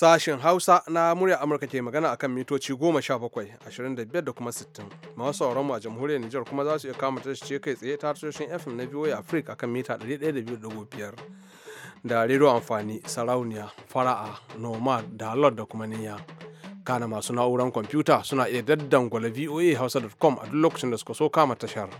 Sashen Hausa na murya Amurka ke magana akan mitoci sha bakwai ashirin da biyar da kuma 60. Masu sauran mu a jamhuriyar Nijar kuma za su iya kama ce kai tsaye ta tashoshin FM na VOA Africa akan mita 102.5 da rero amfani sarauniya fara'a nomad da lord da kuma niyya kana masu na'uran kwamfuta suna iya daddan daddangwala voa hausa.com a duk lokacin da suka so kama tashar.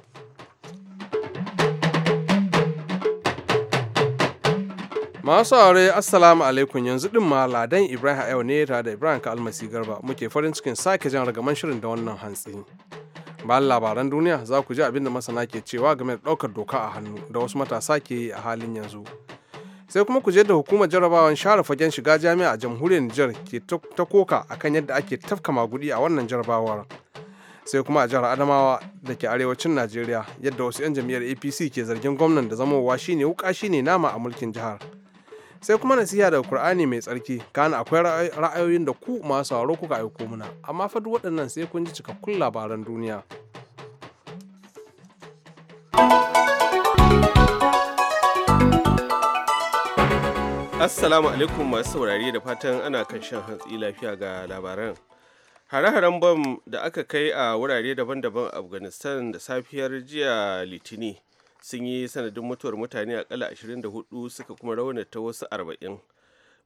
Masu aure assalamu alaikum yanzu din ma ladan Ibrahim yau ne tare da Ibrahim ka almasi garba muke farin cikin sake jan ragaman shirin da wannan hantsi. Bayan labaran duniya za ku ji abinda masana ke cewa game da ɗaukar doka a hannu da wasu matasa ke yi a halin yanzu. Sai kuma ku je da hukumar jarabawan share fagen shiga jami'a a jamhuriyar Nijar ke ta koka a kan yadda ake tafka magudi a wannan jarabawar. sai kuma a jihar adamawa da ke arewacin najeriya yadda wasu 'yan jam'iyyar apc ke zargin gwamnan da zamowa shine wuka shine nama a mulkin jihar sai kuma nasiha daga Kur'ani mai tsarki kana akwai ra'ayoyin da ku masu sauraro kuka aiko muna amma fa duk waɗannan sai kun ji cikakkun labaran duniya Assalamu alaikum masu saurari da fatan ana kan shan hantsi lafiya ga labaran. Hare-haren bam da aka kai a wurare daban-daban Afghanistan da safiyar jiya Litini sun yi sanadin mutuwar mutane a akalla 24 suka kuma raunata wasu 40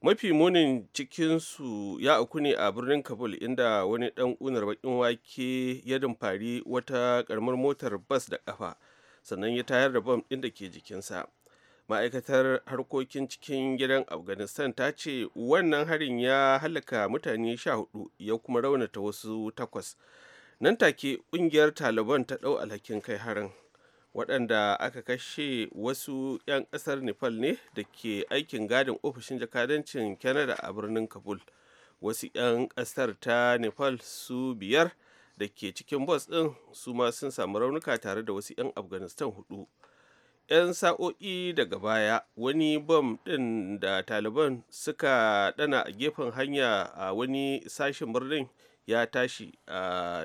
mafi munin cikinsu ya auku ne a birnin kabul inda wani dan unar bakin wake ya dumfari wata karamar motar bas da kafa sannan ya tayar da bam ɗin da ke jikinsa ma'aikatar harkokin cikin gidan afghanistan ta ce wannan harin ya halaka mutane 14 ya kuma raunata wasu takwas nan take ƙungiyar taliban ta ɗau alhakin kai harin waɗanda aka kashe wasu 'yan ƙasar nepal ne da ke aikin gadin ofishin jakadancin canada a birnin kabul wasu 'yan ƙasar ta nepal su biyar da ke cikin bus ɗin su ma sun samu raunuka tare da wasu 'yan afghanistan hudu 'yan sa'o'i daga baya wani bom ɗin da taliban suka ɗana a gefen hanya a wani sashen birnin ya tashi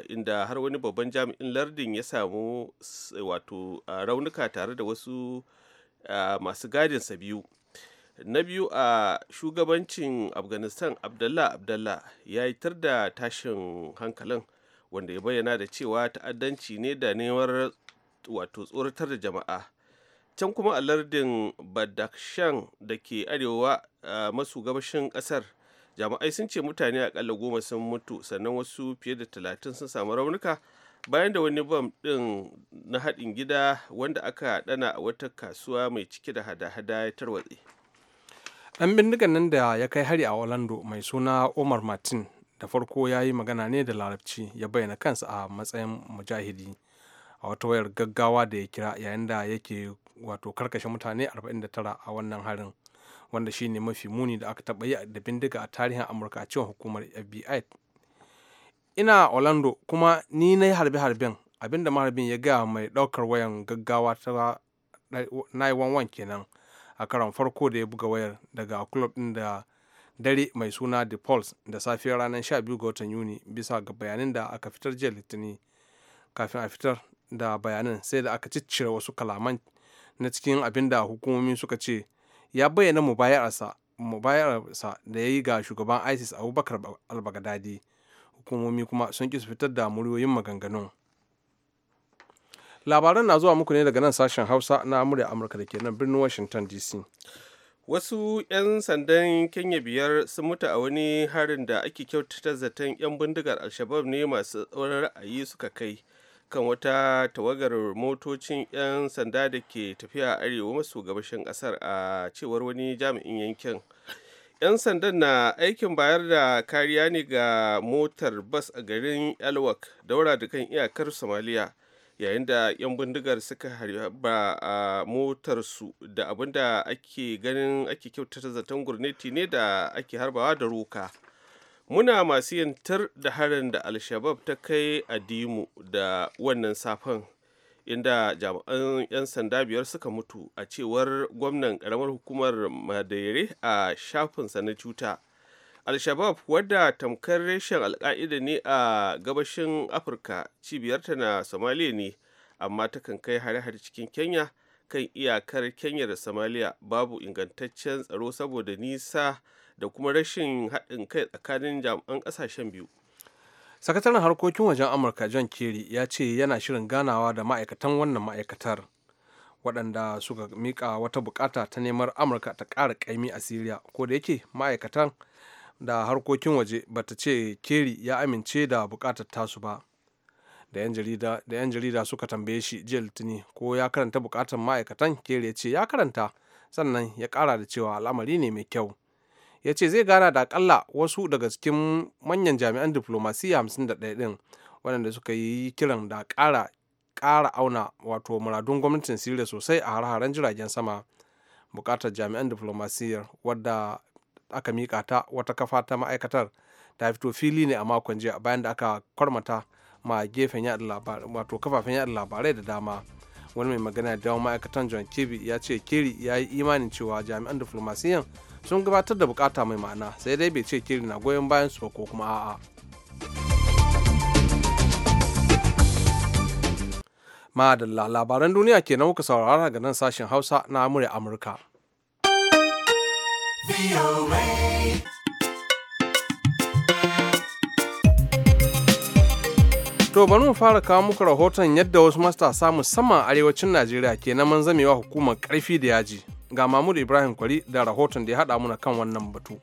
inda har wani babban jami'in lardin ya samu wato raunuka tare da wasu masu gadinsa biyu na biyu a shugabancin afghanistan abdallah abdallah ya yi tar da tashin hankalin wanda ya bayyana da cewa ta'addanci ne da neman wato tsoratar da jama'a can kuma a lardin badakshan da ke arewa masu gabashin kasar jami'ai sun ce mutane akalla goma sun mutu sannan wasu fiye da talatin sun samu raunuka bayan da wani bam din na haɗin gida wanda aka ɗana a wata kasuwa mai cike da hada-hada ya tarwatse dan bindigan nan da ya kai hari a orlando mai suna omar martin da farko ya yi magana ne da larabci ya bayyana kansa a matsayin mujahidi a wata wayar gaggawa da ya kira yayin da yake wato karkashe mutane 49 a wannan harin wanda shi ne mafi muni da aka taɓa yi da bindiga a tarihin amurka a cewa hukumar fbi ina orlando kuma ni na yi harbe-harben abinda maharbin ya gaya mai ɗaukar wayan gaggawa ta 911 kenan a karon farko da ya buga wayar daga club ɗin da dare mai suna the pulse da safiyar ranar 12 ga watan yuni bisa ga bayanin da aka fitar jiya litinin kafin a fitar da bayanin sai da aka ciccire wasu kalaman na cikin abinda da hukumomi suka ce ya bayyana mubayarsa da ya yi ga shugaban isis abubakar al-baghdadi hukumomi kuma sun ƙi su fitar da muryoyin maganganun labaran na zuwa muku ne daga nan sashen hausa na murya amurka da ke nan birnin washington dc wasu 'yan sandan kenya biyar sun mutu a wani harin da ake kyautata zaton 'yan bindigar alshabab ne masu tsawon ra'ayi suka kai kan wata tawagar motocin 'yan sanda da ke tafiya a arewa maso gabashin kasar a cewar wani jami'in yankin 'yan sandan na aikin bayar da kariya ne ga motar bas a garin elwak daura da kan iyakar somaliya yayin da 'yan bindigar suka harba a motarsu da abinda ake ganin ake kyautata zaton gurneti ne da ake harbawa da roka muna masu yantar da harin da alshabab ta kai a dimu da wannan safen inda jami'an 'yan sanda biyar suka mutu a cewar gwamnan karamar hukumar madaire a shafin na cuta alshabab wadda tamkar reshen alka'ida ne a gabashin afirka cibiyarta na somaliya ne amma takan kai hare-hare cikin kenya kan iyakar kenya da somaliya babu ingantaccen tsaro saboda nisa da kuma rashin haɗin kai tsakanin jami'an ƙasashen biyu sakataren harkokin wajen amurka john kerry ya ce yana shirin ganawa da ma'aikatan wannan ma'aikatar waɗanda suka miƙa wata bukata ta neman amurka ta ƙara ƙaimi a siriya ko da yake ma'aikatan da harkokin waje bata ce kerry ya amince da bukatar tasu ba da 'yan jarida suka tambaye shi jiya litini ko ya karanta bukatar ma'aikatan kerry ya ce ya karanta sannan ya ƙara da cewa al'amari ne mai kyau ya ce zai gana da akalla wasu daga cikin manyan jami'an diflomasiyya 51 din waɗanda suka yi kiran da ƙara ƙara auna wato muradun gwamnatin siriya sosai a har-haren jiragen sama buƙatar jami'an diflomasiyyar wadda aka mika ta wata kafa ta ma'aikatar ta fito fili ne a makon jiya bayan da aka kwarmata ma gefen yada labarai wato kafafen yada labarai da dama wani mai magana da ma'aikatan john kirby ya ce keri ya yi imanin cewa jami'an diflomasiyan sun gabatar da bukata mai ma'ana sai dai bai ce kiri na goyon bayan su ko kuma a'a madalla labaran duniya kenan muka saurara ga nan sashen hausa na amurka amurka To bari mu fara kawo muku rahoton yadda wasu matasa musamman arewacin Najeriya ke na zamewa hukumar karfi da yaji. Ga Mahmud Ibrahim Kwari da rahoton da ya haɗa muna kan wannan batu.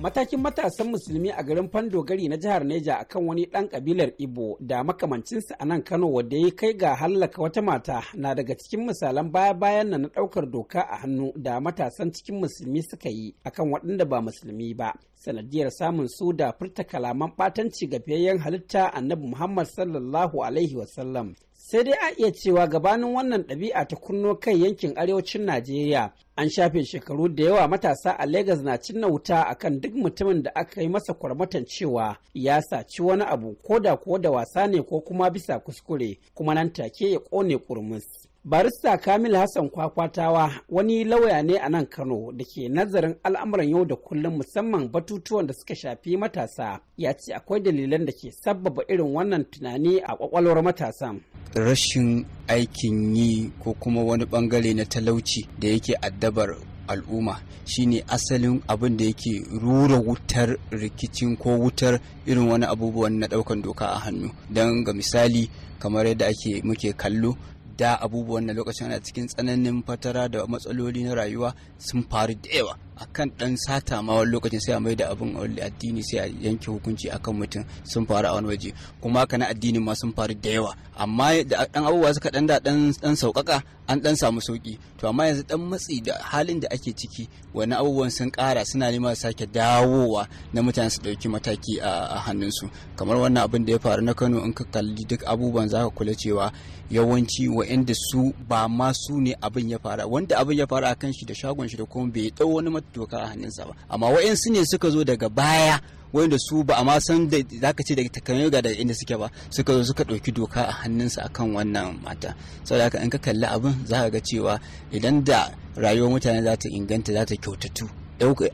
Matakin matasan musulmi a garin Fandogari na jihar Neja akan wani ɗan ƙabilar Ibo da makamancinsa a nan Kano wadda ya kai ga hallaka wata mata na daga cikin misalan baya-bayan na ɗaukar doka a hannu da matasan cikin musulmi suka yi akan waɗanda ba musulmi ba. Sanadiyar samun su da furta kalaman ɓatanci ga fiyayyen halitta Annabi Muhammad sallallahu alaihi wasallam sai dai a iya cewa gabanin wannan ɗabi'a ta kunno kai yankin arewacin najeriya an shafe shekaru da yawa matasa a Legas na cinna wuta akan duk mutumin da aka yi masa kwarmatan cewa ya saci wani abu ko da ko da wasa ne ko kuma bisa kuskure kuma nan take ya ƙone ƙurmus barista kamil hassan kwakwatawa wani lauya ne a nan kano da ke nazarin al'amuran yau da kullum musamman batutuwan da suka shafi matasa ya ce akwai dalilan da ke sabbaba irin wannan tunani a kwakwalwar matasan rashin aikin yi ko kuma wani bangare na talauci da yake addabar al'umma shine asalin abin da yake rura wutar rikicin ko wutar irin wani abubuwan na daukan doka a hannu don ga misali kamar yadda ake muke kallo da abubuwan na lokacin ana cikin tsananin fatara da matsaloli na rayuwa sun faru da yawa akan dan sata ma wani lokacin sai a mai da abin addini sai a yanke hukunci akan mutum sun faru a wani waje kuma haka na addinin ma sun faru da yawa amma da dan abubuwa suka dan da dan sauƙaƙa an dan samu sauƙi to amma yanzu ɗan matsi da halin da ake ciki wani abubuwan sun kara suna nema sake dawowa na mutane su dauki mataki a hannunsu kamar wannan abin da ya faru na Kano in ka kalli duk abubuwan za ka kula cewa yawanci inda su ba ma su ne abin ya fara wanda abin ya fara kan shi da shagon shi da kuma bai dau wani doka a hannunsa ba amma wa'yansu ne suka zo daga baya wanda su ba a san da ka ce da takamai ga daga inda suke ba suka zo suka ɗauki doka a hannunsa akan wannan mata saboda haka in ka kalli abin za ka ga cewa idan da rayuwar mutane za ta inganta za ta kyautatu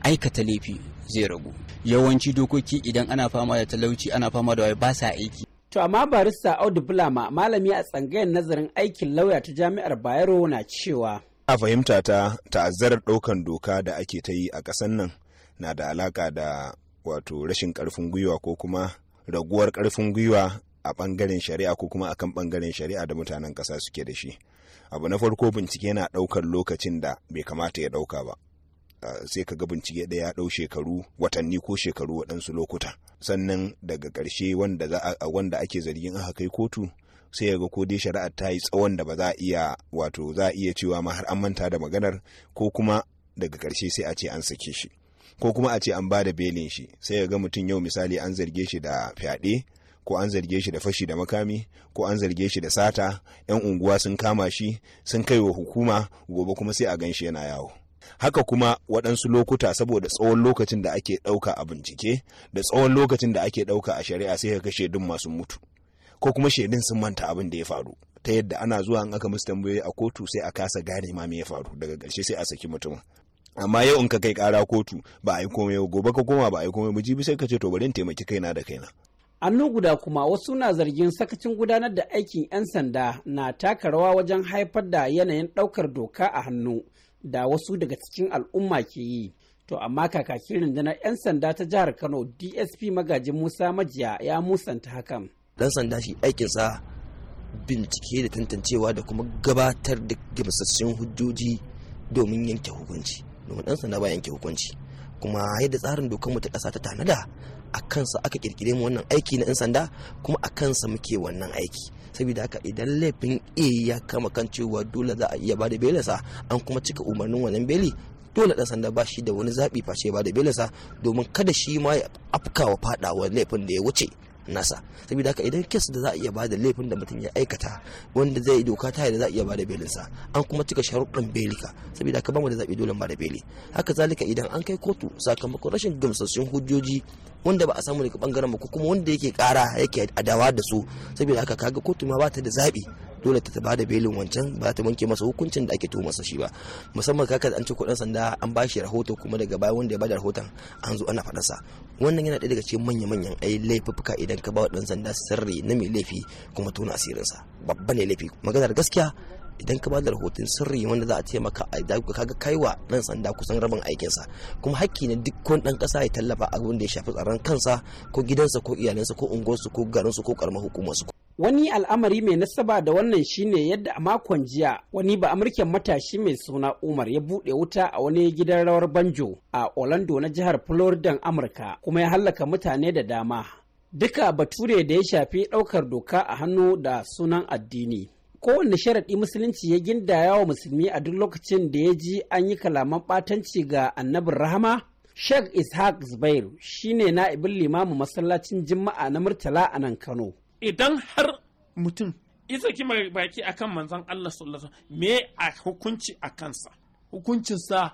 aikata laifi zai ragu yawanci dokoki idan ana fama da talauci ana fama da waye ba sa aiki To amma barista Audu Bulama malami a tsangayar nazarin aikin lauya ta jami'ar Bayero na cewa. a fahimta ta ta'azzarar ɗaukan doka da ake ta yi a ƙasan nan na da alaƙa da wato rashin ƙarfin gwiwa ko kuma raguwar ƙarfin gwiwa a ɓangaren shari'a ko kuma akan ɓangaren shari'a da mutanen ƙasa suke da shi abu na farko bincike na ɗaukar lokacin da bai kamata ya ɗauka ba sai ka ga bincike ɗaya ya ɗau shekaru watanni ko shekaru waɗansu lokuta sannan daga ƙarshe wanda ake zargin aka kai kotu sai ya ga ko dai shari'ar ta yi tsawon da ba za a iya wato za a iya cewa ma har an manta da maganar ko kuma daga karshe sai a ce an sake shi ko kuma a ce an ba da belin shi sai ya ga mutum yau misali an zarge shi da fyaɗe ko an zarge shi da fashi da makami ko an zarge shi da sata yan unguwa sun kama shi sun kai wa hukuma gobe kuma sai a gan shi yana yawo haka kuma waɗansu lokuta saboda tsawon lokacin da ake ɗauka a bincike da tsawon lokacin da ake ɗauka a shari'a sai ka kashe duk masu mutu ko kuma shaidun sun manta abin da ya faru ta yadda ana zuwa in aka musu tambayoyi a kotu sai a kasa gane ma me ya faru daga ƙarshe sai a saki mutum amma yau in ka kai ƙara kotu ba a yi komai gobe ka koma ba a yi komai ba jibi sai ka ce to bari in taimaki kaina da kaina annu guda kuma wasu na zargin sakacin gudanar da aikin 'yan sanda na taka rawa wajen haifar da yanayin ɗaukar doka a hannu da wasu daga cikin al'umma ke yi to amma kakakin rundunar 'yan sanda ta jihar kano dsp magajin musa majiya ya musanta hakan dan sanda shi aikinsa bincike da tantancewa da kuma gabatar da gamsassun hujjoji domin yanke hukunci domin dan sanda ba yanke hukunci kuma yadda tsarin dokar mu ta ƙasa ta tanada a kansa aka kirkire mu wannan aiki na 'yan sanda kuma a kansa muke wannan aiki saboda haka idan laifin A ya kama kan cewa dole za a iya bada belasa an kuma cika umarnin wannan beli dole dan sanda ba shi da wani zaɓi face ba da domin kada shi ma ya afkawa faɗawa laifin da ya wuce nasa saboda haka idan kes da za a iya bada laifin da mutum ya aikata wanda zai doka ta da za a iya bada belin sa an kuma cika sharuɗan belika saboda haka bamu da zabi dole bada beli haka zalika idan an kai kotu sakamakon rashin gamsassun hujjoji wanda ba a samu daga bangaren mu ko kuma wanda yake kara yake adawa da su saboda haka kaga kotu ma ba ta da zabi dole ta bada belin wancan ba ta wanke masa hukuncin da ake tuhu masa shi ba musamman kaka an ci kuɗin sanda an ba rahoto kuma daga baya wanda ya bada rahoton an zo ana fadarsa wannan yana ɗaya daga cikin manya-manyan ai laifuka idan ka ba wa ɗan sanda sirri na mai laifi kuma tona asirinsa babba ne laifi maganar gaskiya idan ka bada rahoton sirri wanda za a ce maka a kaga kaiwa dan sanda kusan rabin sa kuma hakki ne duk wani dan kasa ya tallafa abin da ya shafi tsaron kansa ko gidansa ko iyalansa ko unguwarsu ko garinsu ko karamar hukumarsu Wani al'amari mai nasaba da wannan shine yadda a makon jiya wani ba amurken matashi mai suna Umar ya buɗe wuta a wani gidan rawar banjo a Orlando na jihar Florida Amurka kuma ya hallaka mutane da dama. Duka bature da ya shafi ɗaukar doka a hannu da sunan addini. kowane sharaɗi musulunci ya gindaya wa musulmi a duk lokacin da ya ji an yi kalaman ɓatanci ga annabin rahama sheikh ishaq zubair shine na'ibin Limamu masallacin juma'a na murtala a nan kano idan har mutum isa ki baki akan manzon Allah sallallahu alaihi me a hukunci a kansa sa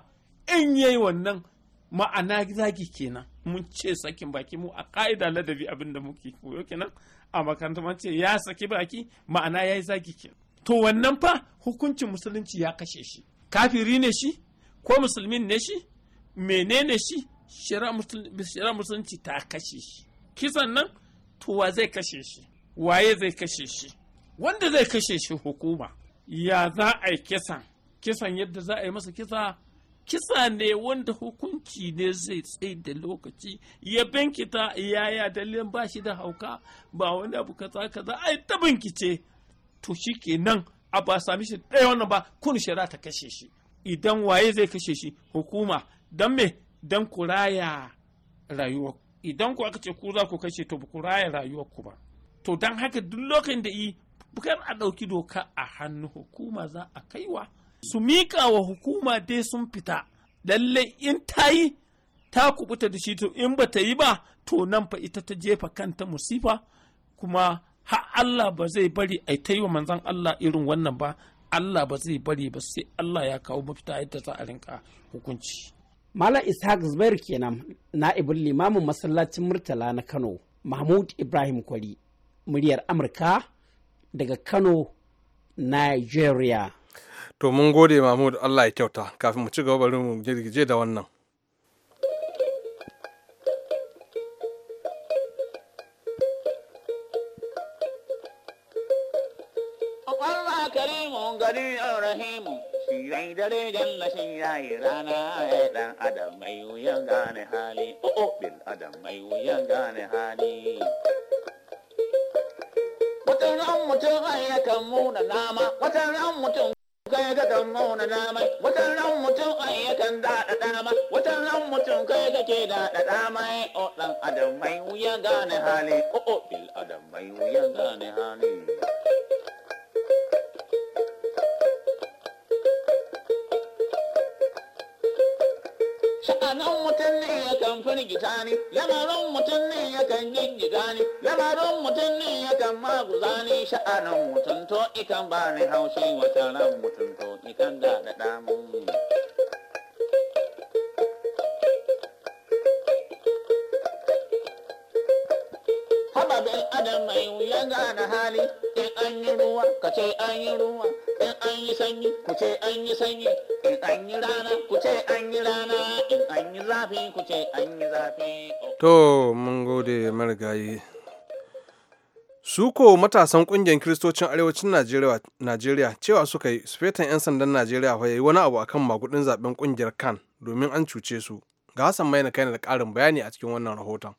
in yayi wannan ma'ana zagi kenan mun ce sakin baki mu a ka'ida ladabi abinda muke koyo kenan a makaranta mun ce ya saki baki ma'ana yayi zagi kenan to wannan fa hukuncin musulunci ya kashe shi kafiri ne shi ko musulmin ne shi menene shi shira musulunci ta kashe shi kisan nan to wa zai kashe shi waye zai kashe shi wanda zai kashe shi hukuma ya za a yi kisan kisan yadda za a yi masa kisa kisa ne wanda hukunci ne zai tsaye da lokaci ya binkita yaya dalilin ba shi da hauka ba wani abu kaza kaza yi ta binkice to shi kenan a ba sami shi ɗaya wannan ba kun shari'a ta kashe shi idan waye zai kashe shi hukuma don me don kuraya rayuwa idan ku aka ce ku za ku kashe to ku raya rayuwa ku ba to don haka duk lokacin da yi bukar a ɗauki doka a hannu hukuma za a kaiwa su miƙa wa hukuma dai sun fita lalle in ta yi ta kubuta da shi to in ba ta yi ba to nan fa ita ta jefa kanta musifa kuma har Allah ba zai bari a ta yi wa manzan Allah irin wannan ba Allah ba zai bari ba sai Allah ya kawo mafita yadda za a rinka hukunci. Malam Ishaq Zubair kenan na'ibin limamin masallacin Murtala na Kano Mahmud Ibrahim Kwari muryar amurka daga kano nigeria to mun gode mahmud allah ya kyauta kafin mu ci gaba bari mu girgije da wannan gari rahimu shirai dare janna shirai rana ya dan adam mai wuyan gane hali o'o oh, oh, adam mai wuyan gane hali wata ran mutum ai kan muna nama wata ran mutum kai ga kan muna nama wata ran mutum ai kan daɗa dama wata ran mutum kai ga ke daɗa dama o dan adam mai wuya gane hali o o bil adam mai wuya gane hali gingita ne lamarin mutum ne kan gigita ne lamarin mutum ne ya kan maguza ne sha'anin mutum to ikan ba ni haushi wata ran mutum to ikan da da damun Haba adam mai wuya gane hali in an yi ruwa ka ce an yi ruwa in an yi sanyi ku ce an sanyi in an yi rana ku ce an rana in an yi zafi ku ce an zafi to mun gode marigayi Suko matasan kungiyar Kiristocin Arewacin Najeriya cewa suka yi sufetan 'yan sandan Najeriya ya yi wani abu akan magudin zaben kungiyar kan domin an cuce su. Ga mai Maina kai da ƙarin bayani a cikin wannan rahoton.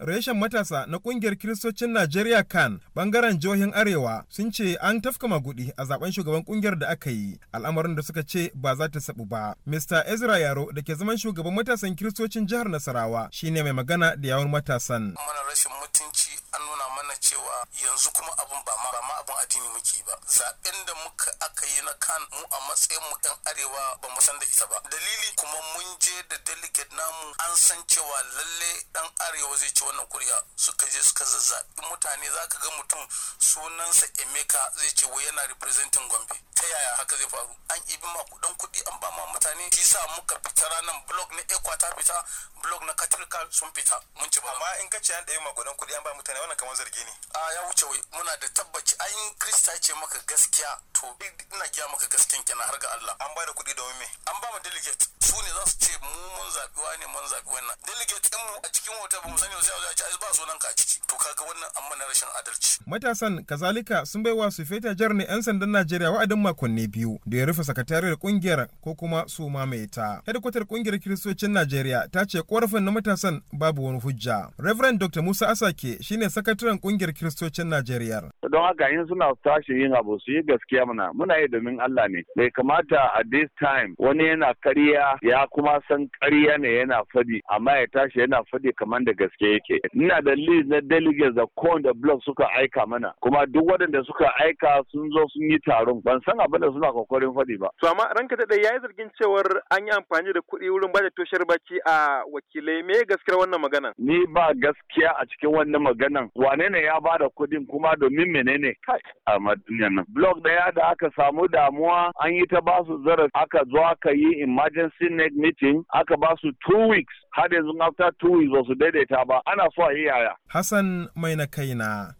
Reshen matasa na kungiyar Kiristocin Najeriya kan bangaren jihohin Arewa sun ce an tafka magudi a zaben shugaban kungiyar da aka yi, al'amarin da suka ce ba za ta sabu ba. Mr. Ezra Yaro da ke zaman shugaban matasan Kiristocin jihar Nasarawa shine mai magana da yawon matasan. Mana rashin mutunci an nuna mana cewa yanzu kuma abun ba ma abun addini muke ba. Zaben da muka aka yi na kan mu a matsayin mu 'yan Arewa ba mu san da ita ba. Dalili kuma mun je da delegate namu an san cewa lalle ɗan Arewa zai ci wannan kuriya suka je suka zazzabi mutane za ka ga mutum sunansa emeka zai ce wai yana representing gombe ta yaya haka zai faru an ibi ma kudin kuɗi an ba ma mutane kisa muka fita ranar blog na ekwa ta fita blog na katirka sun fita mun ci ba amma in ka ce an ɗaya makudan kuɗi an ba mutane wannan kamar zargi ne a ya wuce wai muna da tabbaci ayin krista ce maka gaskiya to ina gaya maka gaskiyan kenan har ga Allah an ba da kuɗi domin me an ba ma delegate su ne za su ce mu mun zaɓi ne mun zaɓi wannan delegate din mu a cikin hotel ba mu sani wasu za ci ba sunan ka ciki to kaga wannan amma na rashin adalci matasan kazalika sun wa su feta jar ne yan sandan Najeriya wa'adin makonni biyu da ya rufe sakatariyar kungiyar ko kuma su mai ta hedkwatar kungiyar kiristocin Najeriya ta ce korafin na matasan babu wani hujja Reverend Dr Musa Asake shine sakataren kungiyar kiristocin Najeriya don haka in suna tashi yin abu su yi gaskiya muna muna yi domin Allah ne bai kamata a this time wani yana kariya ya kuma san kariya ne yana fadi amma ya tashi yana fadi kamar da gaske ake ina da list na delegates da kowane block suka aika mana kuma duk waɗanda suka aika sun zo sun yi taron ban san abin da suna kokarin faɗi ba to amma ranka daɗe ya yi zargin cewar an yi amfani da kuɗi wurin bada toshar baki a wakilai me gaskiyar wannan maganan ni ba gaskiya a cikin wannan maganan wane ne ya bada kuɗin kuma domin menene kai a duniyan nan blog ɗaya da aka samu damuwa an yi ta basu zarafi aka zo aka yi emergency net meeting aka basu two weeks har yanzu after two weeks ba su daidaita ba ana so a yi yaya. Hassan mai na kai na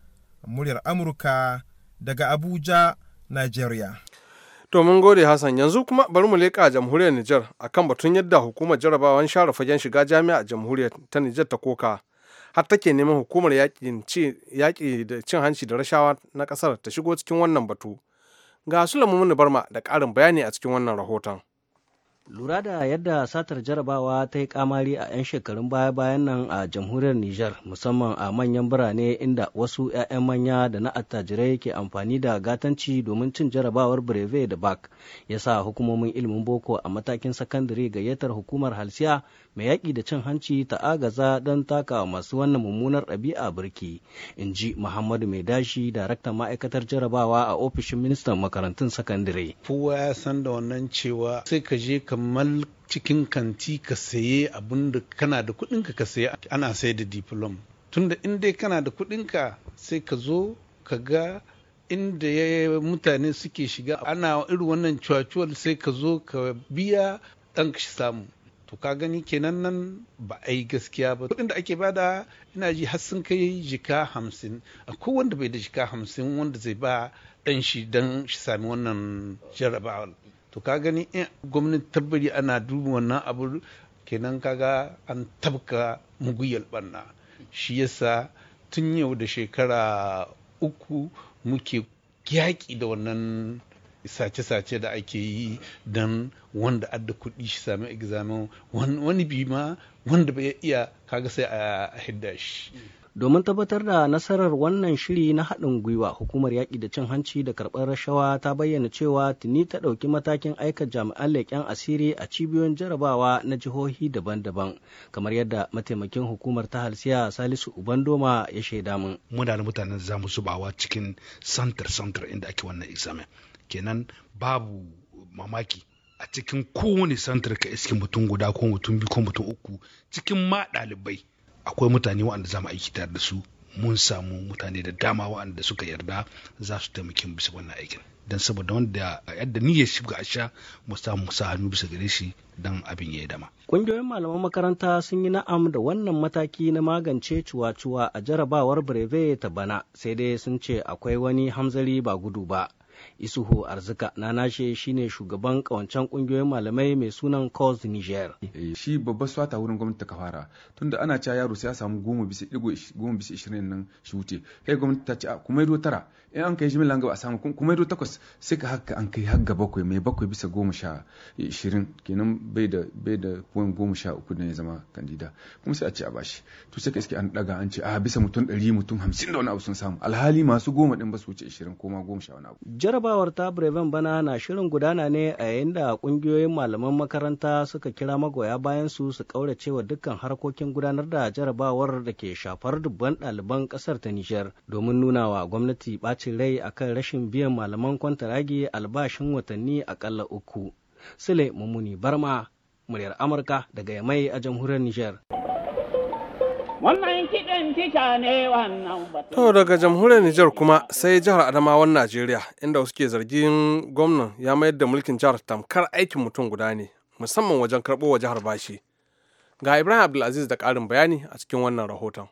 muryar Amurka daga Abuja, Nigeria. To mun gode Hassan yanzu kuma bari mu leƙa jamhuriyar Nijar akan batun yadda hukumar jarabawan share fagen shiga jami'a a jamhuriyar ta Nijar ta koka har take neman hukumar yaƙi da cin hanci da rashawa na ƙasar ta shigo cikin wannan batu. Ga Sulaiman Barma da ƙarin bayani a cikin wannan rahoton. Lura da yadda satar jarabawa ta yi kamari a 'yan shekarun baya-bayan nan a jamhuriyar Nijar musamman a manyan birane inda wasu 'ya'yan manya da na attajirai ke amfani da gatanci domin cin jarabawar breve da bak ya sa hukumomin ilimin boko a matakin sakandare gayyatar hukumar halsiya mai yaƙi da cin hanci ta agaza don taka masu wannan mummunar ɗabi'a birki in ji Muhammadu mai dashi daraktan ma'aikatar jarabawa a ofishin ministan makarantun sakandare. Kowa ya san da wannan cewa sai ka je ka kamar cikin kanti ka saye abin da kana da kudin ka saye ana sai da diplom tunda in dai kana da kuɗinka ka sai ka zo ka ga inda ya mutane suke shiga ana irin wannan cuwacuwar sai ka zo ka biya dan shi samu to ka gani kenan nan ba a yi gaskiya ba kuɗin da ake bada ina ji har sun kai jika hamsin akwai wanda bai da jika hamsin wanda zai ba ɗanshi shi don shi sami wannan jarabawar to ka gani in gwamnati tabbari ana duba wannan abu kenan kaga an tabka muguyar banna shi yasa tun yau da shekara uku muke yaƙi da wannan sace-sace da ake yi don wanda adda kuɗi shi sami examen wani bi ma wanda bai iya kaga sai a hidda shi domin tabbatar da nasarar wannan shiri na haɗin gwiwa hukumar yaƙi da cin hanci da karɓar rashawa ta bayyana cewa tuni ta ɗauki matakin aika jami'an leƙen asiri a cibiyoyin jarabawa na jihohi daban-daban kamar yadda mataimakin hukumar ta halsiya salisu ubandoma ya shaida min muna da mutanen za mu zubawa cikin santar santar inda ake wannan examen kenan babu mamaki a cikin kowane santar ka iske mutum guda ko mutum biyu ko mutum uku cikin ma ɗalibai akwai mutane waɗanda za mu aiki tare da su mun samu mutane da dama waɗanda suka yarda za su taimaki bisa wannan aikin don saboda wanda a yadda ya shi a sha mu samu sa hannu bisa gare shi don abin ya yi dama. Ƙungiyoyin malaman makaranta sun yi na'am da wannan mataki na magance cuwa-cuwa a jarabawar Breve ta bana sai dai sun ce akwai wani hamzari ba gudu ba. isuhu arzika na nashe shine shugaban kawancen kungiyoyin malamai mai sunan cause niger eh, shi babbar swata wurin gwamnati ta fara tunda ana cewa yaro sai ya samu goma bisa ɗigo goma bisa ishirin nan shi wuce kai gwamnati ta ce kuma yi tara in an kai jimillan gaba a samu kuma yi takwas sai ka haka an kai haka bakwai mai bakwai bisa goma sha ishirin kenan bai da bai da goma sha uku da ya zama kandida kuma sai a ce a bashi to sai ka iske an daga an ce a bisa mutum ɗari mutum hamsin da wani abu sun samu alhali masu goma ɗin ba su wuce ishirin ko ma goma sha wani abu jarabawar ta breven bana na shirin gudana ne a yayin da kungiyoyin malaman makaranta suka kira magoya bayan su su kaurace wa dukkan harkokin gudanar da jarabawar da ke shafar dubban ɗaliban ƙasar ta nijar domin nuna wa gwamnati ɓacin rai akan rashin biyan malaman kwantaragi albashin watanni akalla uku sule mummuni barma muryar amurka daga yamai a jamhuriyar nijar Wannan kiɗan tica ne wannan To daga jamhuriyar Nijar kuma sai jihar Adamawan Najeriya inda suke zargin gwamnan ya mayar da mulkin jihar tamkar aikin mutum guda ne musamman wajen karɓo wa jihar bashi. Ga Ibrahim Abdulaziz da ƙarin bayani a cikin wannan rahoton.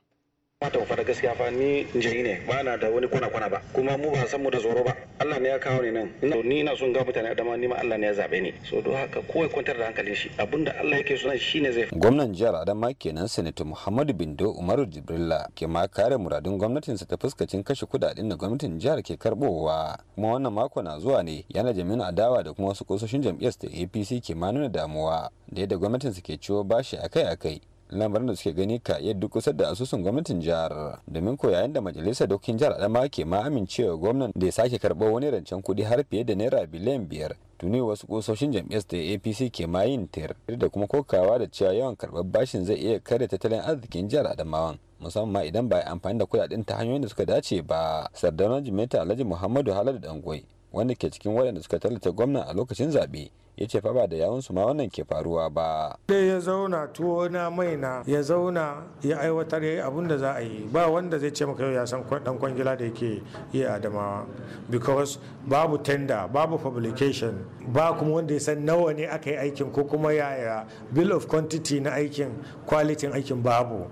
mata ku fada gaskiya fa ni jini ne ba na da wani kuna kwana ba kuma mu ba san mu da zoro ba Allah ne ya kawo ni nan ni ina son ga mutane adama ni ma Allah ne ya zabe ni so don haka kowai kwantar da hankalin shi abinda Allah yake so shine zai gwamnan jihar Adama kenan sanata Muhammadu Bindo Umaru Jibrilla ke ma kare muradun gwamnatin sa ta fuskacin kashe kudaden da gwamnatin jihar ke karbowa kuma wannan mako na zuwa ne yana jami'in adawa da kuma wasu kososhin jam'iyyar ta APC ke ma nuna damuwa da yadda gwamnatin su ke ciwo bashi akai-akai lamarin da suke gani ka duk kusa da asusun gwamnatin jihar domin ko yayin da majalisar dokin jihar adama ke ma amincewa gwamnan da ya sake karɓo wani rancen kuɗi har fiye da naira biliyan biyar tuni wasu kusoshin jam'iyyar da apc ke ma yin tir da kuma kokawa da cewa yawan karɓar bashin zai iya kare tattalin arzikin jihar adamawan musamman idan ba a amfani da kudaden ta hanyoyin da suka dace ba sardaunar jimeta alhaji muhammadu haladu dangoi wanda ke cikin waɗanda suka tallata gwamna a lokacin zaɓe ya ce fa ba da su ma wannan ke faruwa ba. Dai ya zauna tuwo na maina ya zauna ya aiwatar ya yi abun da za a yi ba wanda zai ce maka yau ya san dan kwangila da yake yi Adamawa because babu tender babu publication ba kuma wanda ya san nawa ne aka yi aikin ko kuma yaya bill of quantity na aikin kwalitin aikin babu.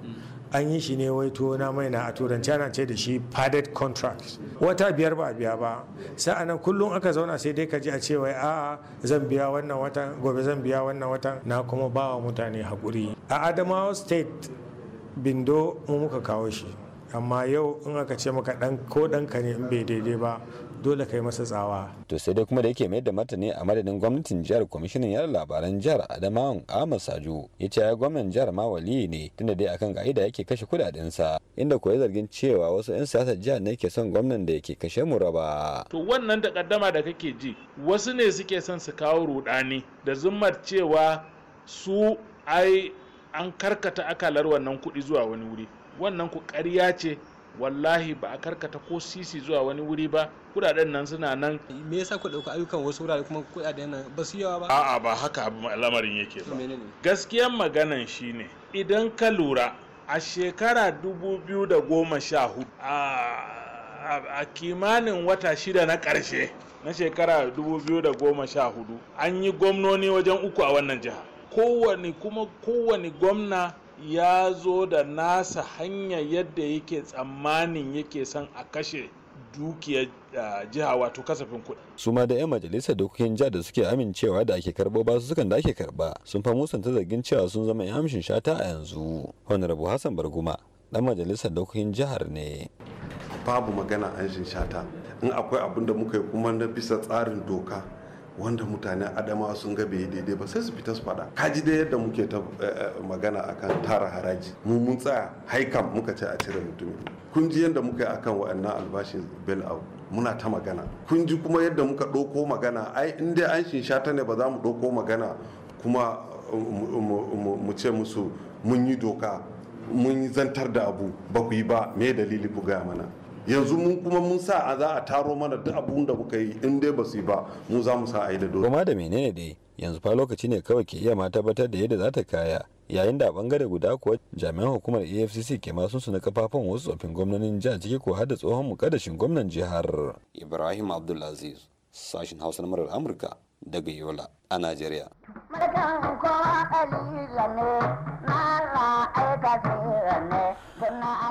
an yi shi ne wai tuwo na mai na a turanci ana ce da shi padded contract wata biyar ba a biya ba sa'anan kullum aka zauna sai dai ka ji a ce wai a'a zan biya wannan watan gobe zan biya wannan watan na kuma ba wa mutane haƙuri a adamawa state bindo mu muka kawo shi amma yau in aka ce maka dan ko ɗanka ne in bai daidai ba dole kai masa tsawa to sai dai kuma da yake mayar da martani a madadin gwamnatin jihar kwamishinan yada labaran jihar adamawan ahmad sajo ya ce ya gwamnan jihar ma wali ne tunda dai akan ka'ida yake kashe kudadensa inda kuwa zargin cewa wasu 'yan siyasar jihar ne ke son gwamnan da yake kashe mu raba to wannan takaddama da kake ji wasu ne suke son su kawo rudani da zummar cewa su ai an karkata akalar wannan kuɗi zuwa wani wuri wannan ku ƙarya ce wallahi ba a karkata ko sisi zuwa wani wuri ba kudaden nan suna nan me yasa ku dauka ayyukan wasu wurare kuma kudaden nan ba su yawa ba a'a ba haka lamarin yake ba gaskiyan maganan shine idan ka lura a shekara 2014 a kimanin wata shida na karshe na shekara 2014 an yi gwamnoni wajen uku a wannan jiha kowane kuma kowane gwamna ya zo da nasa hanya yadda yake tsammanin yake son a kashe dukiyar jiha wato kasafin kuɗi. su ma da 'yan majalisar dokokin jihar da suke amincewa da ake karɓo ba su sukan da ake karɓa sun fa musanta zargin cewa sun zama 'yan amshin shata a yanzu honorable hassan barguma dan majalisar dokokin jihar ne babu magana amshin shata in akwai abin da muka yi kuma na bisa tsarin doka wanda mutane adama sun ga bai daidai ba sai su fita su fada kaji dai yadda muke ta eh, eh, magana akan tara haraji mu mun tsaya haikam muka ce a cire mutumin kun ji yadda muka yi akan wa'annan albashin bel out muna ta magana kun ji kuma yadda muka ɗauko magana ai in dai an shinsha ta ne ba za mu ɗauko magana kuma eh, mu ce musu mun yi doka mun zantar da abu ba ku yi ba me dalili ku gaya mana yanzu mun kuma mun sa a za a taro mana duk abun da muka yi in dai ba su yi ba mu za mu sa a yi da dole. Kuma da menene dai yanzu fa lokaci ne kawai ke iya ma tabbatar da yadda za ta kaya yayin da a bangare guda kuwa jami'an hukumar afcc ke masu su na kafafan wasu tsoffin gwamnonin jihar ciki ko har da tsohon mukaddashin gwamnan jihar ibrahim abdulaziz sashin hausa na murar amurka daga Yola a Najeriya.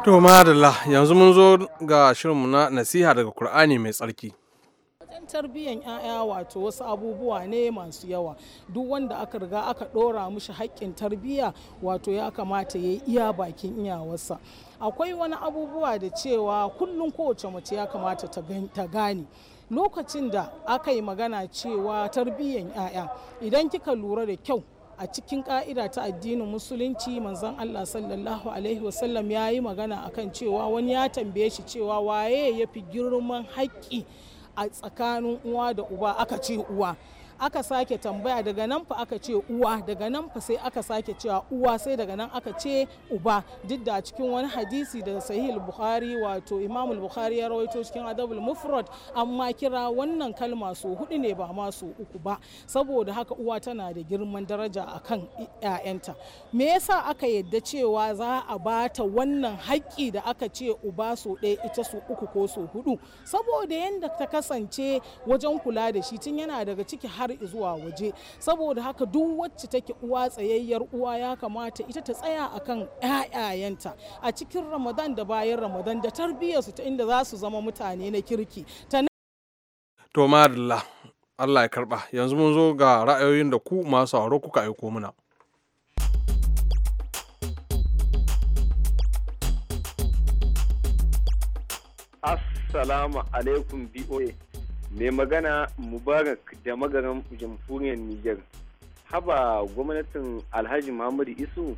To madalla yanzu mun zo ga shirinmu na nasiha daga Kur'ani mai tsarki. wajen tarbiyyar 'ya'ya wato wasu abubuwa ne masu yawa duk wanda aka riga aka ɗora mushi haƙƙin tarbiyya wato ya kamata ya yi iya bakin iyawarsa akwai wani abubuwa da cewa kullum kowace mace ya kamata ta gane lokacin da aka yi magana cewa tarbiyyan 'ya'ya idan kika lura da kyau a cikin ka'ida ta addinin musulunci manzon Allah sallallahu alaihi wasallam ya yi magana akan cewa wani ya tambaye shi cewa waye ya fi girman haƙƙi a tsakanin uwa da uba aka ce uwa aka sake tambaya daga nan fa aka ce uwa daga nan fa sai aka sake cewa uwa sai daga nan aka ce uba duk da cikin wani hadisi da sahih bukhari wato imamul bukhari ya rawaito cikin adabul mufrad amma kira wannan kalma su hudu ne ba ma su uku ba saboda haka uwa tana da girman daraja akan ƴaƴanta me yasa aka yadda cewa za a bata wannan haƙƙi da aka ce uba so ɗaya ita su uku ko so hudu saboda yadda ta kasance wajen kula da shi tun yana daga ciki har har zuwa waje saboda haka duk wacce take uwa tsayayyar uwa ya kamata ita ta tsaya akan ƴaƴayenta a cikin ramadan da bayan ramadan da tarbiyyarsu ta inda za su zama mutane na kirki ta to madalla Allah ya karba yanzu mun zo ga ra'ayoyin da ku masu sauraro kuka aiko muna Assalamu alaikum BOA. mai magana mubarak da magaran jamhuriyar niger haba gwamnatin alhaji muhammadu isu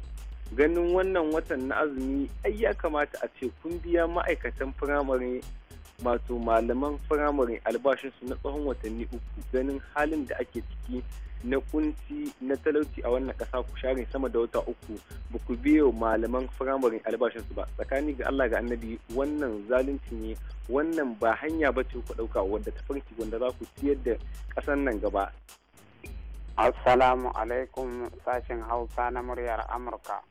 ganin wannan watan na azumi ai ya kamata a ce kun biya ma'aikatan firamare wato malaman firamare albashinsu na tsawon watanni uku ganin halin da ake ciki na kunci na talauci a wannan kasa ku share sama da wata uku ba ku biyo malaman firamare albashinsu ba tsakani ga Allah ga annabi wannan zalunci ne wannan ba hanya ba ce ku ɗauka wadda ta farki wanda za ku ciyar da kasan nan gaba. Assalamu alaikum sashen Hausa na muryar Amurka.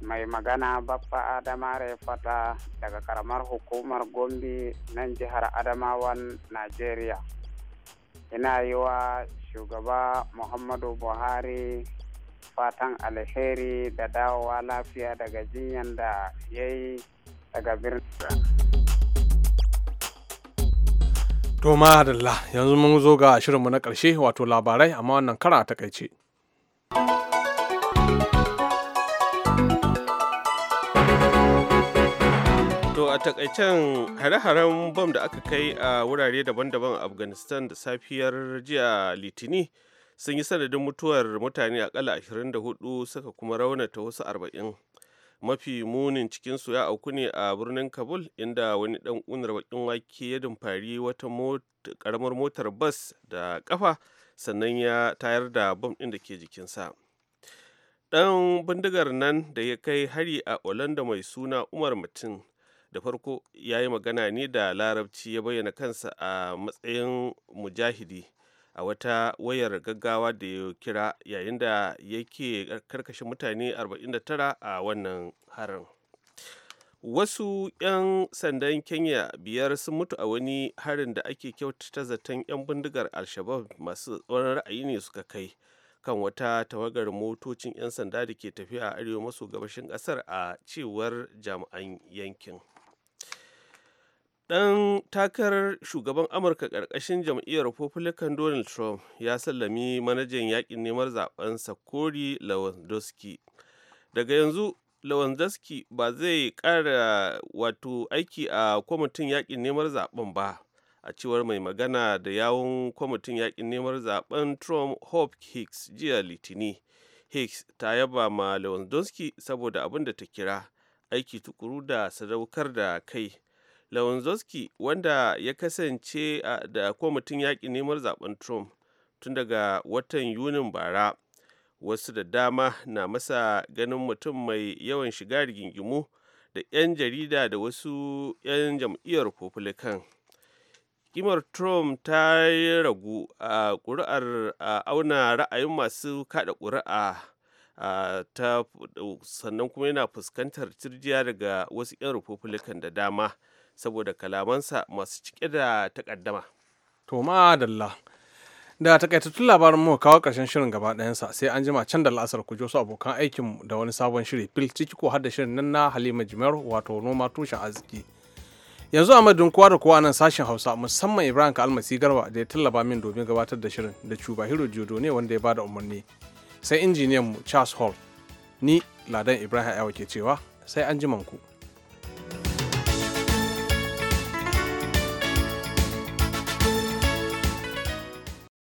mai magana baffa adama fata daga karamar hukumar gombe nan jihar adamawan najeriya ina yi wa shugaba muhammadu buhari fatan alheri da dawowa lafiya daga jinyan da ya yi daga birnin to yanzu mun zo ga shirinmu na ƙarshe wato labarai amma wannan kara a takaice. To a takaicen hare-haren bom da aka kai a wurare daban-daban a Afghanistan da safiyar jiya Litini sun yi sanadin mutuwar mutane akalla 24 suka kuma raunata wasu 40. Mafi munin cikinsu ya auku ne a birnin Kabul inda wani dan unar bakin wake ya dumfari wata karamar motar bas da kafa sannan ya tayar da bom ɗin da ke jikinsa. dan bindigar nan da ya kai hari a Olanda mai suna Umar Mutum da farko ya yi magana ne da larabci ya bayyana kansa a matsayin mujahidi a wata wayar gaggawa da ya kira yayin da yake karkashe mutane 49 a wannan harin wasu 'yan sandan kenya biyar sun mutu a wani harin da ake kyautata zaton 'yan bindigar alshabab masu tsoron ra'ayi ne suka kai kan wata tawagar motocin 'yan sanda da ke tafiya a arewa maso gabashin kasar a cewar jami'an yankin dan takarar shugaban amurka karkashin jam'iyyar republican donald trump ya sallami manajan yakin neman zaben kori lewandowski daga yanzu lewandowski ba zai kara wato aiki a kwamitin yaƙin neman zaben ba a cewar mai magana da yawon kwamitin yaƙin neman zaben trump hope hicks jiya litini hicks ta yaba ma lewandowski saboda abin da ta kira aiki tukuru da sadaukar da kai Lewandowski wanda ya kasance da kwamitin yaƙi neman zaben Trump tun daga watan Yunin bara. Wasu da dama na masa ganin mutum mai yawan shiga rigingimu da 'yan jarida da wasu 'yan jam'iyyar Republican. kimar trump ta ragu a ƙuri'ar auna ra'ayin masu kada ƙuri'a ta sannan kuma yana fuskantar cirjiya daga wasu 'yan republican da dama saboda kalamansa masu cike da takaddama. To dalla. Da takaitattun labarin mu kawo karshen shirin gaba ɗayansa sai an jima can da la'asar ku su abokan aikinmu da wani sabon shiri fil ciki ko har da shirin nan na Halima Jimar wato noma tushen arziki. Yanzu a madadin kowa da kowa nan sashen Hausa musamman Ibrahim almasi Garba da ya tallaba min domin gabatar da shirin da Cuba Hiro Jodo ne wanda ya bada umarni. Sai injiniyan mu Charles Hall. Ni Ladan Ibrahim Ayawa ke cewa sai an ku.